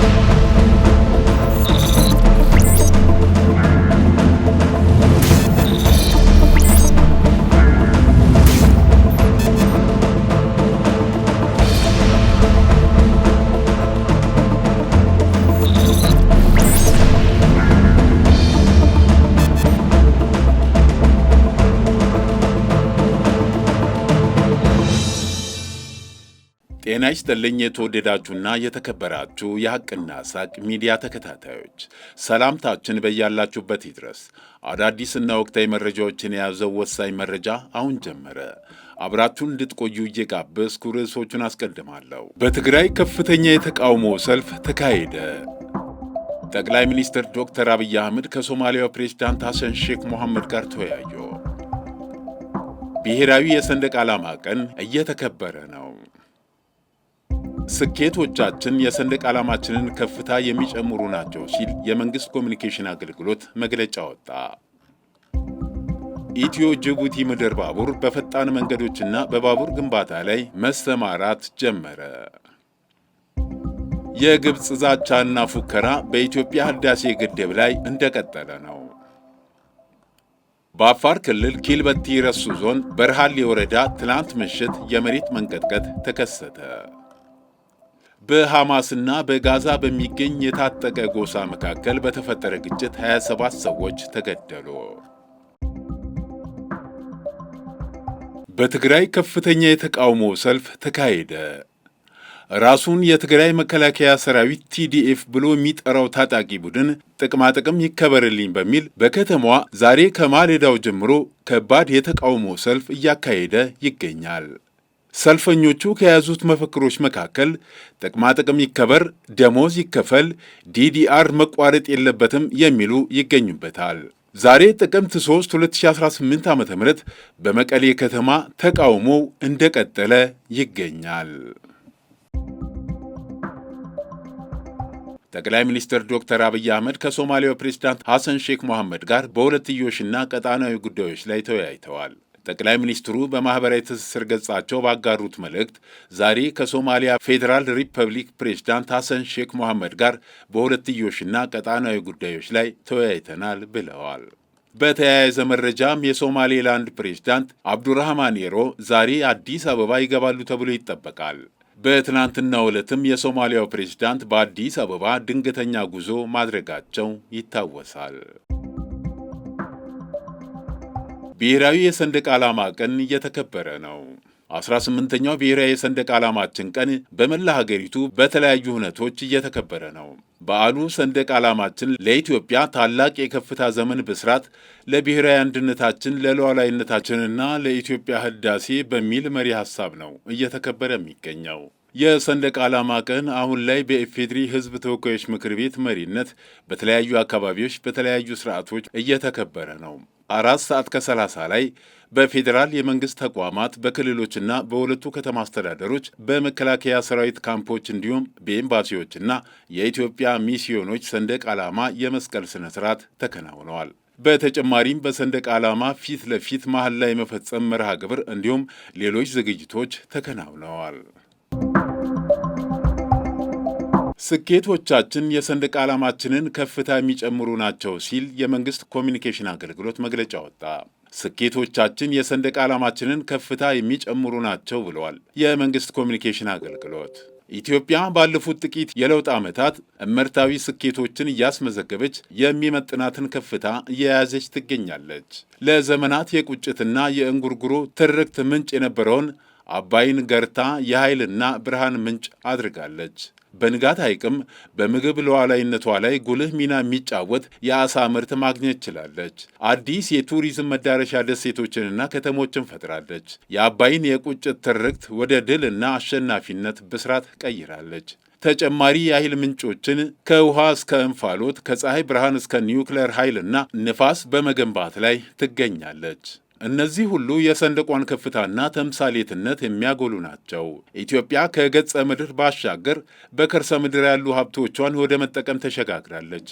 Thank you. ጤና ይስጥልኝ የተወደዳችሁና የተከበራችሁ የሐቅና ሳቅ ሚዲያ ተከታታዮች ሰላምታችን በያላችሁበት ይድረስ። አዳዲስና ወቅታዊ መረጃዎችን የያዘው ወሳኝ መረጃ አሁን ጀመረ። አብራችሁን እንድትቆዩ እየጋበዝኩ ርዕሶቹን አስቀድማለሁ። በትግራይ ከፍተኛ የተቃውሞ ሰልፍ ተካሄደ። ጠቅላይ ሚኒስትር ዶክተር አብይ አህመድ ከሶማሊያው ፕሬዝዳንት ሐሰን ሼክ ሞሐመድ ጋር ተወያዩ። ብሔራዊ የሰንደቅ ዓላማ ቀን እየተከበረ ነው። ስኬቶቻችን የሰንደቅ ዓላማችንን ከፍታ የሚጨምሩ ናቸው ሲል የመንግሥት ኮሚኒኬሽን አገልግሎት መግለጫ ወጣ። ኢትዮ ጅቡቲ ምድር ባቡር በፈጣን መንገዶችና በባቡር ግንባታ ላይ መሰማራት ጀመረ። የግብፅ ዛቻና ፉከራ በኢትዮጵያ ህዳሴ ግድብ ላይ እንደቀጠለ ነው። በአፋር ክልል ኪልበቲ ረሱ ዞን በርሃሌ ወረዳ ትላንት ምሽት የመሬት መንቀጥቀጥ ተከሰተ። በሐማስና በጋዛ በሚገኝ የታጠቀ ጎሳ መካከል በተፈጠረ ግጭት 27 ሰዎች ተገደሉ። በትግራይ ከፍተኛ የተቃውሞ ሰልፍ ተካሄደ። ራሱን የትግራይ መከላከያ ሰራዊት ቲዲኤፍ ብሎ የሚጠራው ታጣቂ ቡድን ጥቅማጥቅም ይከበርልኝ በሚል በከተማዋ ዛሬ ከማለዳው ጀምሮ ከባድ የተቃውሞ ሰልፍ እያካሄደ ይገኛል። ሰልፈኞቹ ከያዙት መፈክሮች መካከል ጥቅማጥቅም ይከበር፣ ደሞዝ ይከፈል፣ ዲዲአር መቋረጥ የለበትም የሚሉ ይገኙበታል። ዛሬ ጥቅምት 3 2018 ዓ ም በመቀሌ ከተማ ተቃውሞው እንደቀጠለ ይገኛል። ጠቅላይ ሚኒስትር ዶክተር አብይ አህመድ ከሶማሊያው ፕሬዚዳንት ሐሰን ሼክ መሐመድ ጋር በሁለትዮሽና ቀጣናዊ ጉዳዮች ላይ ተወያይተዋል። ጠቅላይ ሚኒስትሩ በማኅበራዊ ትስስር ገጻቸው ባጋሩት መልእክት ዛሬ ከሶማሊያ ፌዴራል ሪፐብሊክ ፕሬዝዳንት ሐሰን ሼክ ሞሐመድ ጋር በሁለትዮሽና ቀጣናዊ ጉዳዮች ላይ ተወያይተናል ብለዋል። በተያያዘ መረጃም የሶማሌላንድ ፕሬዝዳንት አብዱራህማን ኤሮ ዛሬ አዲስ አበባ ይገባሉ ተብሎ ይጠበቃል። በትናንትና ዕለትም የሶማሊያው ፕሬዝዳንት በአዲስ አበባ ድንገተኛ ጉዞ ማድረጋቸው ይታወሳል። ብሔራዊ የሰንደቅ ዓላማ ቀን እየተከበረ ነው። 18ኛው ብሔራዊ የሰንደቅ ዓላማችን ቀን በመላ ሀገሪቱ በተለያዩ ሁነቶች እየተከበረ ነው። በዓሉ ሰንደቅ ዓላማችን ለኢትዮጵያ ታላቅ የከፍታ ዘመን ብስራት፣ ለብሔራዊ አንድነታችን፣ ለሉዓላዊነታችንና ለኢትዮጵያ ህዳሴ በሚል መሪ ሐሳብ ነው እየተከበረ የሚገኘው። የሰንደቅ ዓላማ ቀን አሁን ላይ በኢፌዴሪ ህዝብ ተወካዮች ምክር ቤት መሪነት በተለያዩ አካባቢዎች በተለያዩ ስርዓቶች እየተከበረ ነው። አራት ሰዓት ከ30 ላይ በፌዴራል የመንግስት ተቋማት በክልሎችና በሁለቱ ከተማ አስተዳደሮች በመከላከያ ሰራዊት ካምፖች እንዲሁም በኤምባሲዎችና የኢትዮጵያ ሚስዮኖች ሰንደቅ ዓላማ የመስቀል ስነ ስርዓት ተከናውነዋል። በተጨማሪም በሰንደቅ ዓላማ ፊት ለፊት ላይ የመፈጸም መርሃ ግብር እንዲሁም ሌሎች ዝግጅቶች ተከናውነዋል። ስኬቶቻችን የሰንደቅ ዓላማችንን ከፍታ የሚጨምሩ ናቸው ሲል የመንግስት ኮሚኒኬሽን አገልግሎት መግለጫ ወጣ። ስኬቶቻችን የሰንደቅ ዓላማችንን ከፍታ የሚጨምሩ ናቸው ብለዋል የመንግስት ኮሚኒኬሽን አገልግሎት። ኢትዮጵያ ባለፉት ጥቂት የለውጥ ዓመታት እመርታዊ ስኬቶችን እያስመዘገበች የሚመጥናትን ከፍታ እየያዘች ትገኛለች። ለዘመናት የቁጭትና የእንጉርጉሮ ትርክት ምንጭ የነበረውን አባይን ገርታ የኃይልና ብርሃን ምንጭ አድርጋለች። በንጋት ሐይቅም በምግብ ሉዓላዊነቷ ላይ ጉልህ ሚና የሚጫወት የአሳ ምርት ማግኘት ችላለች። አዲስ የቱሪዝም መዳረሻ ደሴቶችንና ከተሞችን ፈጥራለች። የአባይን የቁጭት ትርክት ወደ ድልና አሸናፊነት ብስራት ቀይራለች። ተጨማሪ የኃይል ምንጮችን ከውሃ እስከ እንፋሎት፣ ከፀሐይ ብርሃን እስከ ኒውክሌር ኃይልና ንፋስ በመገንባት ላይ ትገኛለች። እነዚህ ሁሉ የሰንደቋን ከፍታና ተምሳሌትነት የሚያጎሉ ናቸው። ኢትዮጵያ ከገጸ ምድር ባሻገር በከርሰ ምድር ያሉ ሀብቶቿን ወደ መጠቀም ተሸጋግራለች።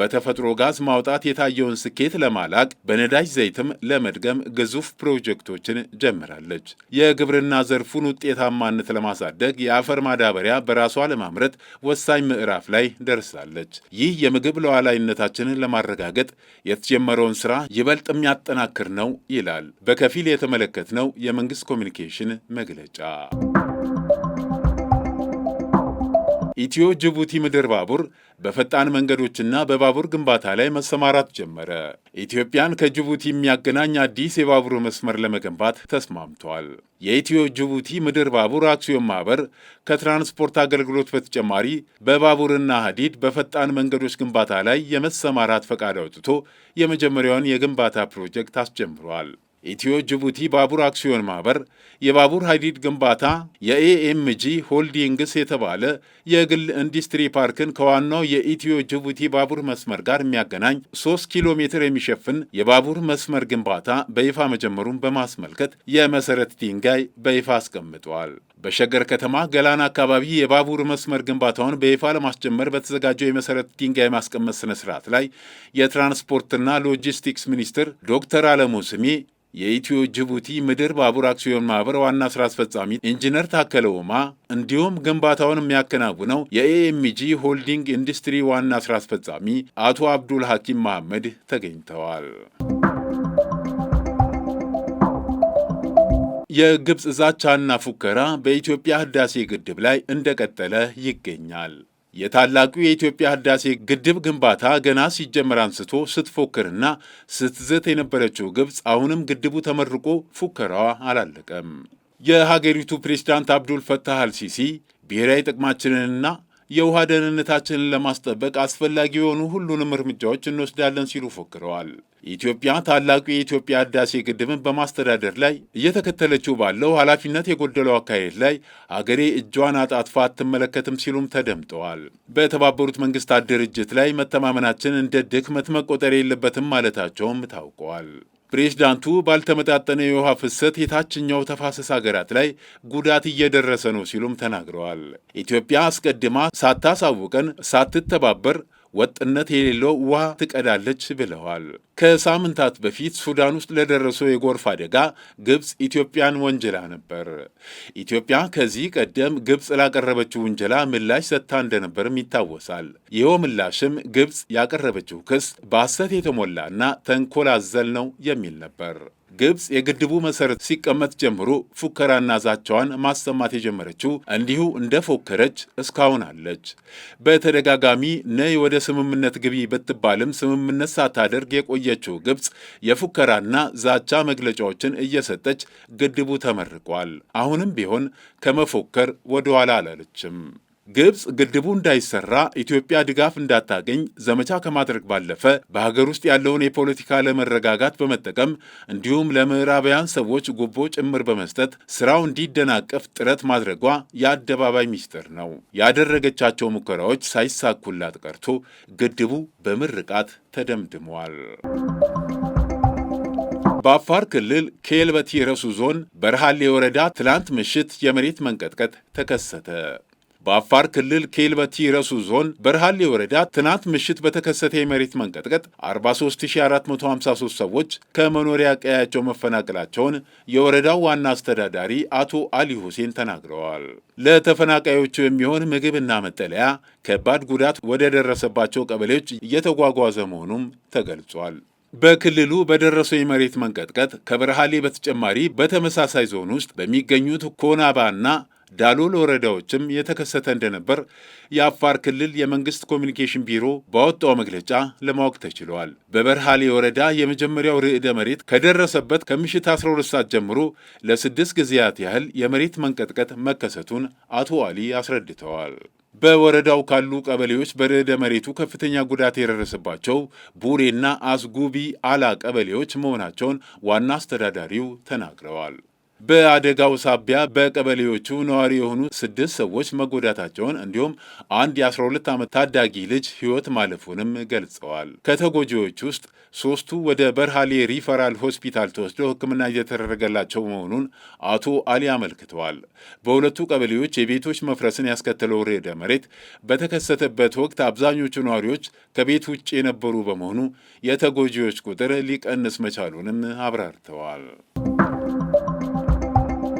በተፈጥሮ ጋዝ ማውጣት የታየውን ስኬት ለማላቅ በነዳጅ ዘይትም ለመድገም ግዙፍ ፕሮጀክቶችን ጀምራለች። የግብርና ዘርፉን ውጤታማነት ለማሳደግ የአፈር ማዳበሪያ በራሷ ለማምረት ወሳኝ ምዕራፍ ላይ ደርሳለች። ይህ የምግብ ሉዓላዊነታችንን ለማረጋገጥ የተጀመረውን ስራ ይበልጥ የሚያጠናክር ነው ይላል ይላል በከፊል የተመለከትነው የመንግስት ኮሚኒኬሽን መግለጫ። ኢትዮ ጅቡቲ ምድር ባቡር በፈጣን መንገዶችና በባቡር ግንባታ ላይ መሰማራት ጀመረ። ኢትዮጵያን ከጅቡቲ የሚያገናኝ አዲስ የባቡር መስመር ለመገንባት ተስማምቷል። የኢትዮ ጅቡቲ ምድር ባቡር አክሲዮን ማኅበር ከትራንስፖርት አገልግሎት በተጨማሪ በባቡርና ሀዲድ በፈጣን መንገዶች ግንባታ ላይ የመሰማራት ፈቃድ አውጥቶ የመጀመሪያውን የግንባታ ፕሮጀክት አስጀምሯል። ኢትዮ ጅቡቲ ባቡር አክሲዮን ማህበር፣ የባቡር ሀዲድ ግንባታ፣ የኤኤምጂ ሆልዲንግስ የተባለ የግል ኢንዱስትሪ ፓርክን ከዋናው የኢትዮ ጅቡቲ ባቡር መስመር ጋር የሚያገናኝ 3 ኪሎ ሜትር የሚሸፍን የባቡር መስመር ግንባታ በይፋ መጀመሩን በማስመልከት የመሰረት ድንጋይ በይፋ አስቀምጧል። በሸገር ከተማ ገላን አካባቢ የባቡር መስመር ግንባታውን በይፋ ለማስጀመር በተዘጋጀው የመሰረት ድንጋይ ማስቀመጥ ስነ ስርዓት ላይ የትራንስፖርትና ሎጂስቲክስ ሚኒስትር ዶክተር አለሙ ስሜ የኢትዮ ጅቡቲ ምድር ባቡር አክሲዮን ማህበር ዋና ስራ አስፈጻሚ ኢንጂነር ታከለ ኡማ እንዲሁም ግንባታውን የሚያከናውነው የኤኤምጂ ሆልዲንግ ኢንዱስትሪ ዋና ስራ አስፈጻሚ አቶ አብዱል ሐኪም መሐመድ ተገኝተዋል። የግብፅ ዛቻና ፉከራ በኢትዮጵያ ህዳሴ ግድብ ላይ እንደቀጠለ ይገኛል። የታላቁ የኢትዮጵያ ህዳሴ ግድብ ግንባታ ገና ሲጀመር አንስቶ ስትፎክርና ስትዘት የነበረችው ግብፅ አሁንም ግድቡ ተመርቆ ፉከራዋ አላለቀም። የሀገሪቱ ፕሬዝዳንት አብዱል ፈታህ አልሲሲ ብሔራዊ ጥቅማችንንና የውሃ ደህንነታችንን ለማስጠበቅ አስፈላጊ የሆኑ ሁሉንም እርምጃዎች እንወስዳለን ሲሉ ፎክረዋል። ኢትዮጵያ ታላቁ የኢትዮጵያ ህዳሴ ግድብን በማስተዳደር ላይ እየተከተለችው ባለው ኃላፊነት የጎደለው አካሄድ ላይ አገሬ እጇን አጣጥፋ አትመለከትም ሲሉም ተደምጠዋል። በተባበሩት መንግስታት ድርጅት ላይ መተማመናችን እንደ ድክመት መቆጠር የለበትም ማለታቸውም ታውቀዋል። ፕሬዚዳንቱ ባልተመጣጠነ የውሃ ፍሰት የታችኛው ተፋሰስ ሀገራት ላይ ጉዳት እየደረሰ ነው ሲሉም ተናግረዋል። ኢትዮጵያ አስቀድማ ሳታሳውቀን ሳትተባበር ወጥነት የሌለው ውሃ ትቀዳለች ብለዋል። ከሳምንታት በፊት ሱዳን ውስጥ ለደረሰው የጎርፍ አደጋ ግብፅ ኢትዮጵያን ወንጀላ ነበር። ኢትዮጵያ ከዚህ ቀደም ግብፅ ላቀረበችው ውንጀላ ምላሽ ሰጥታ እንደነበርም ይታወሳል። ይኸው ምላሽም ግብፅ ያቀረበችው ክስ በሐሰት የተሞላና ተንኮል አዘል ነው የሚል ነበር። ግብፅ የግድቡ መሰረት ሲቀመጥ ጀምሮ ፉከራና ዛቻዋን ማሰማት የጀመረችው እንዲሁ እንደፎከረች እስካሁን አለች። በተደጋጋሚ ነይ ወደ ስምምነት ግቢ ብትባልም ስምምነት ሳታደርግ የቆየችው ግብፅ የፉከራና ዛቻ መግለጫዎችን እየሰጠች ግድቡ ተመርቋል። አሁንም ቢሆን ከመፎከር ወደኋላ አላለችም። ግብፅ ግድቡ እንዳይሰራ ኢትዮጵያ ድጋፍ እንዳታገኝ ዘመቻ ከማድረግ ባለፈ በሀገር ውስጥ ያለውን የፖለቲካ ለመረጋጋት በመጠቀም እንዲሁም ለምዕራባውያን ሰዎች ጉቦ ጭምር በመስጠት ስራው እንዲደናቀፍ ጥረት ማድረጓ የአደባባይ ሚስጥር ነው። ያደረገቻቸው ሙከራዎች ሳይሳኩላት ቀርቶ ግድቡ በምርቃት ተደምድመዋል። በአፋር ክልል ኬልበቲ ረሱ ዞን በረሃሌ ወረዳ ትላንት ምሽት የመሬት መንቀጥቀጥ ተከሰተ። በአፋር ክልል ኬልበቲ ረሱ ዞን በርሃሌ ወረዳ ትናንት ምሽት በተከሰተ የመሬት መንቀጥቀጥ 43453 ሰዎች ከመኖሪያ ቀያቸው መፈናቀላቸውን የወረዳው ዋና አስተዳዳሪ አቶ አሊ ሁሴን ተናግረዋል። ለተፈናቃዮቹ የሚሆን ምግብና መጠለያ ከባድ ጉዳት ወደ ደረሰባቸው ቀበሌዎች እየተጓጓዘ መሆኑም ተገልጿል። በክልሉ በደረሰው የመሬት መንቀጥቀጥ ከበረሃሌ በተጨማሪ በተመሳሳይ ዞን ውስጥ በሚገኙት ኮናባና ዳሎል ወረዳዎችም የተከሰተ እንደነበር የአፋር ክልል የመንግስት ኮሚኒኬሽን ቢሮ ባወጣው መግለጫ ለማወቅ ተችሏል። በበርሃሌ ወረዳ የመጀመሪያው ርዕደ መሬት ከደረሰበት ከምሽት 12 ሰዓት ጀምሮ ለስድስት ጊዜያት ያህል የመሬት መንቀጥቀጥ መከሰቱን አቶ አሊ አስረድተዋል። በወረዳው ካሉ ቀበሌዎች በርዕደ መሬቱ ከፍተኛ ጉዳት የደረሰባቸው ቡሬና አስጉቢ አላ ቀበሌዎች መሆናቸውን ዋና አስተዳዳሪው ተናግረዋል። በአደጋው ሳቢያ በቀበሌዎቹ ነዋሪ የሆኑ ስድስት ሰዎች መጎዳታቸውን እንዲሁም አንድ የ12 ዓመት ታዳጊ ልጅ ሕይወት ማለፉንም ገልጸዋል። ከተጎጂዎች ውስጥ ሶስቱ ወደ በርሃሌ ሪፈራል ሆስፒታል ተወስደው ሕክምና እየተደረገላቸው መሆኑን አቶ አሊ አመልክተዋል። በሁለቱ ቀበሌዎች የቤቶች መፍረስን ያስከተለው ርዕደ መሬት በተከሰተበት ወቅት አብዛኞቹ ነዋሪዎች ከቤት ውጭ የነበሩ በመሆኑ የተጎጂዎች ቁጥር ሊቀንስ መቻሉንም አብራርተዋል።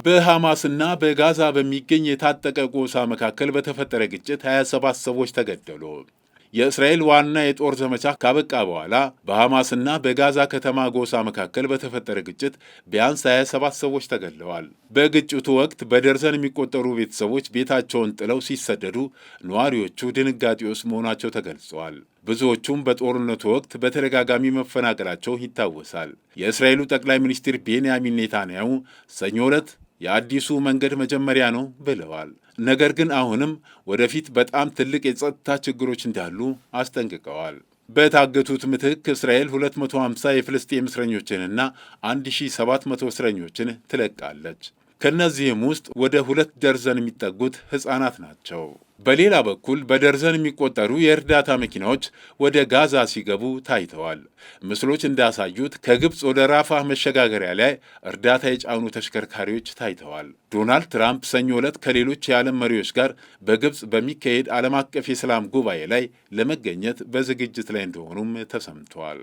በሐማስና በጋዛ በሚገኝ የታጠቀ ጎሳ መካከል በተፈጠረ ግጭት 27 ሰዎች ተገደሉ። የእስራኤል ዋና የጦር ዘመቻ ካበቃ በኋላ በሐማስና በጋዛ ከተማ ጎሳ መካከል በተፈጠረ ግጭት ቢያንስ 27 ሰዎች ተገድለዋል። በግጭቱ ወቅት በደርዘን የሚቆጠሩ ቤተሰቦች ቤታቸውን ጥለው ሲሰደዱ ነዋሪዎቹ ድንጋጤ ውስጥ መሆናቸው ተገልጸዋል። ብዙዎቹም በጦርነቱ ወቅት በተደጋጋሚ መፈናቀላቸው ይታወሳል። የእስራኤሉ ጠቅላይ ሚኒስትር ቤንያሚን ኔታንያሁ ሰኞ ዕለት የአዲሱ መንገድ መጀመሪያ ነው ብለዋል። ነገር ግን አሁንም ወደፊት በጣም ትልቅ የጸጥታ ችግሮች እንዳሉ አስጠንቅቀዋል። በታገቱት ምትክ እስራኤል 250 የፍልስጤም እስረኞችንና 1700 እስረኞችን ትለቃለች። ከእነዚህም ውስጥ ወደ ሁለት ደርዘን የሚጠጉት ሕፃናት ናቸው። በሌላ በኩል በደርዘን የሚቆጠሩ የእርዳታ መኪናዎች ወደ ጋዛ ሲገቡ ታይተዋል። ምስሎች እንዳሳዩት ከግብፅ ወደ ራፋህ መሸጋገሪያ ላይ እርዳታ የጫኑ ተሽከርካሪዎች ታይተዋል። ዶናልድ ትራምፕ ሰኞ ዕለት ከሌሎች የዓለም መሪዎች ጋር በግብፅ በሚካሄድ ዓለም አቀፍ የሰላም ጉባኤ ላይ ለመገኘት በዝግጅት ላይ እንደሆኑም ተሰምተዋል።